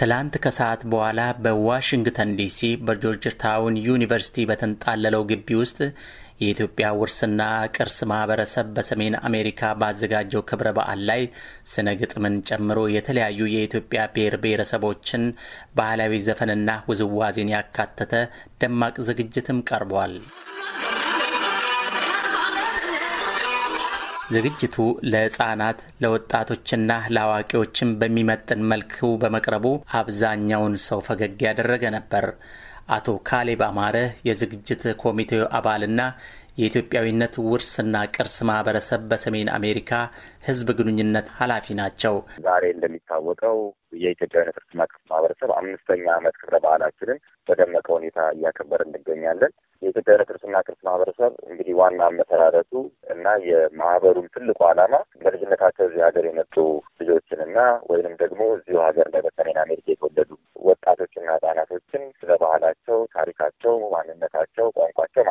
ትላንት ከሰዓት በኋላ በዋሽንግተን ዲሲ በጆርጅ ታውን ዩኒቨርሲቲ በተንጣለለው ግቢ ውስጥ የኢትዮጵያ ውርስና ቅርስ ማህበረሰብ በሰሜን አሜሪካ ባዘጋጀው ክብረ በዓል ላይ ስነ ግጥምን ጨምሮ የተለያዩ የኢትዮጵያ ብሔር ብሔረሰቦችን ባህላዊ ዘፈንና ውዝዋዜን ያካተተ ደማቅ ዝግጅትም ቀርቧል። ዝግጅቱ ለህፃናት፣ ለወጣቶችና ለአዋቂዎችን በሚመጥን መልኩ በመቅረቡ አብዛኛውን ሰው ፈገግ ያደረገ ነበር። አቶ ካሌብ አማረ የዝግጅት ኮሚቴው አባልና የኢትዮጵያዊነት ውርስና ቅርስ ማህበረሰብ በሰሜን አሜሪካ ህዝብ ግንኙነት ኃላፊ ናቸው። ዛሬ እንደሚታወቀው የኢትዮጵያዊነት ውርስና ቅርስ ማህበረሰብ አምስተኛ ዓመት ክብረ በዓላችንን በደመቀ ሁኔታ እያከበር እንገኛለን። የኢትዮጵያዊነት ውርስና ቅርስ ማህበረሰብ እንግዲህ ዋና አመሰራረቱ እና የማህበሩን ትልቁ ዓላማ በልጅነታቸው እዚህ ሀገር የመጡ ልጆችንና ወይንም ደግሞ እዚሁ ሀገር ላይ በሰሜን አሜሪካ የተወለዱ ወጣቶችና ህጻናቶችን ስለ ባህላቸው፣ ታሪካቸው፣ ማንነታቸው፣ ቋንቋቸው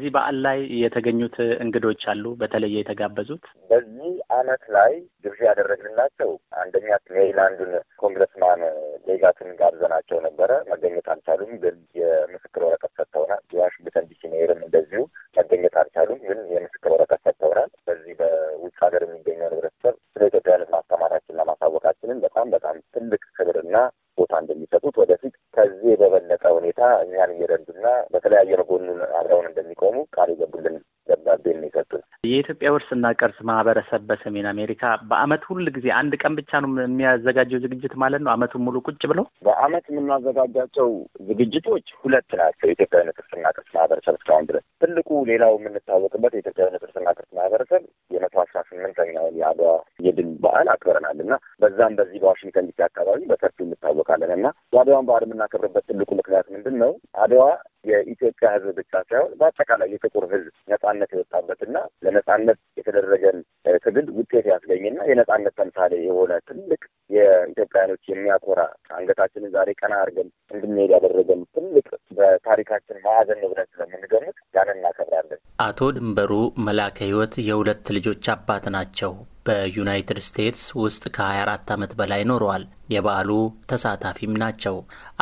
በዚህ በዓል ላይ የተገኙት እንግዶች አሉ በተለየ የተጋበዙት? በዚህ አመት ላይ ግብዣ ያደረግንላቸው አንደኛ ሜሪላንዱን ኮንግረስማን ሌጋትን ጋብዘናቸው ነበረ። መገኘት አልቻሉም፣ ግን የምስክር ወረቀት ሰጥተውናል። የዋሽንግተን ዲሲ ሜየርም እንደዚሁ መገኘት አልቻሉም፣ ግን የምስክር ወረቀት ሰጥተውናል። በዚህ በውጭ ሀገር የሚገኘው ህብረተሰብ ስለ ኢትዮጵያ ማስተማራችን ማሳወቃችንን በጣም በጣም ትልቅ ክብርና ቦታ እንደሚሰጡት ወደፊት ከዚህ በበለጠ ሁኔታ እኛን እየረዱና በተለያየ ጎኑን አብረውን እንደሚቆሙ ቃል ይገቡልን ደብዳቤ ነው የሰጡን። የኢትዮጵያ ውርስና ቅርስ ማህበረሰብ በሰሜን አሜሪካ በአመት ሁል ጊዜ አንድ ቀን ብቻ ነው የሚያዘጋጀው ዝግጅት ማለት ነው። አመቱን ሙሉ ቁጭ ብለው በአመት የምናዘጋጃቸው ዝግጅቶች ሁለት ናቸው። የኢትዮጵያውያን ቅርስና ቅርስ ማህበረሰብ እስካሁን ድረስ ትልቁ ሌላው የምንታወቅበት የኢትዮጵያውያን ቅርስና ቅርስ ማህበረሰብ የመቶ አስራ ስምንተኛውን የአድዋ የድል በዓል አክብረናል እና በዛም በዚህ በዋሽንግተን ዲሲ አካባቢ በሰፊው እንታወቃለን እና የአድዋን በዓል የምናከብርበት ትልቁ ምክንያት ምንድን ነው? አድዋ የኢትዮጵያ ሕዝብ ብቻ ሳይሆን በአጠቃላይ የጥቁር ሕዝብ ነጻነት የወጣበትና ለነጻነት የተደረገን ትግል ውጤት ያስገኝና የነጻነት ተምሳሌ የሆነ ትልቅ የኢትዮጵያውያኖች የሚያኮራ አንገታችንን ዛሬ ቀና አድርገን እንድንሄድ ያደረገን ትልቅ በታሪካችን ማዕዘን ነው ብለን ስለምንገምት ያንን እናከብራለን። አቶ ድንበሩ መላከ ሕይወት የሁለት ልጆች አባት ናቸው። በዩናይትድ ስቴትስ ውስጥ ከ24 ዓመት በላይ ኖረዋል። የበዓሉ ተሳታፊም ናቸው።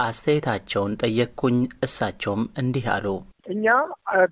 አስተያየታቸውን ጠየቅኩኝ። እሳቸውም እንዲህ አሉ። እኛ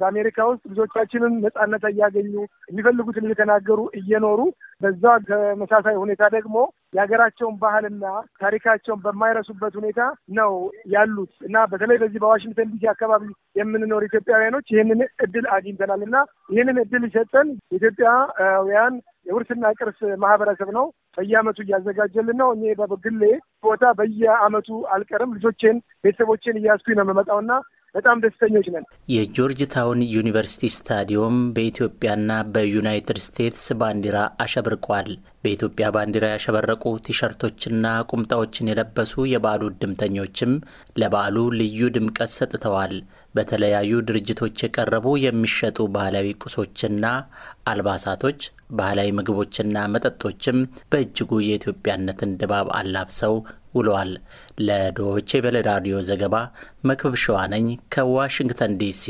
በአሜሪካ ውስጥ ልጆቻችንን ነጻነት እያገኙ የሚፈልጉትን እየተናገሩ እየኖሩ በዛ ተመሳሳይ ሁኔታ ደግሞ የሀገራቸውን ባህልና ታሪካቸውን በማይረሱበት ሁኔታ ነው ያሉት እና በተለይ በዚህ በዋሽንግተን ዲሲ አካባቢ የምንኖር ኢትዮጵያውያኖች ይህንን እድል አግኝተናል እና ይህንን እድል ይሰጠን ኢትዮጵያውያን የውርስና ቅርስ ማህበረሰብ ነው። በየአመቱ እያዘጋጀልን ነው። እኔ በግሌ ቦታ በየአመቱ አልቀርም። ልጆቼን፣ ቤተሰቦቼን እያስኩኝ ነው የምመጣውና በጣም ደስተኞች ነን። የጆርጅ ታውን ዩኒቨርሲቲ ስታዲየም በኢትዮጵያና በዩናይትድ ስቴትስ ባንዲራ አሸብርቋል። በኢትዮጵያ ባንዲራ ያሸበረቁ ቲሸርቶችና ቁምጣዎችን የለበሱ የበዓሉ እድምተኞችም ለበዓሉ ልዩ ድምቀት ሰጥተዋል። በተለያዩ ድርጅቶች የቀረቡ የሚሸጡ ባህላዊ ቁሶችና አልባሳቶች ባህላዊ ምግቦችና መጠጦችም በእጅጉ የኢትዮጵያነትን ድባብ አላብሰው ውለዋል። ለዶቼ ቬለ ራዲዮ ዘገባ መክብብ ሸዋነኝ ከዋሽንግተን ዲሲ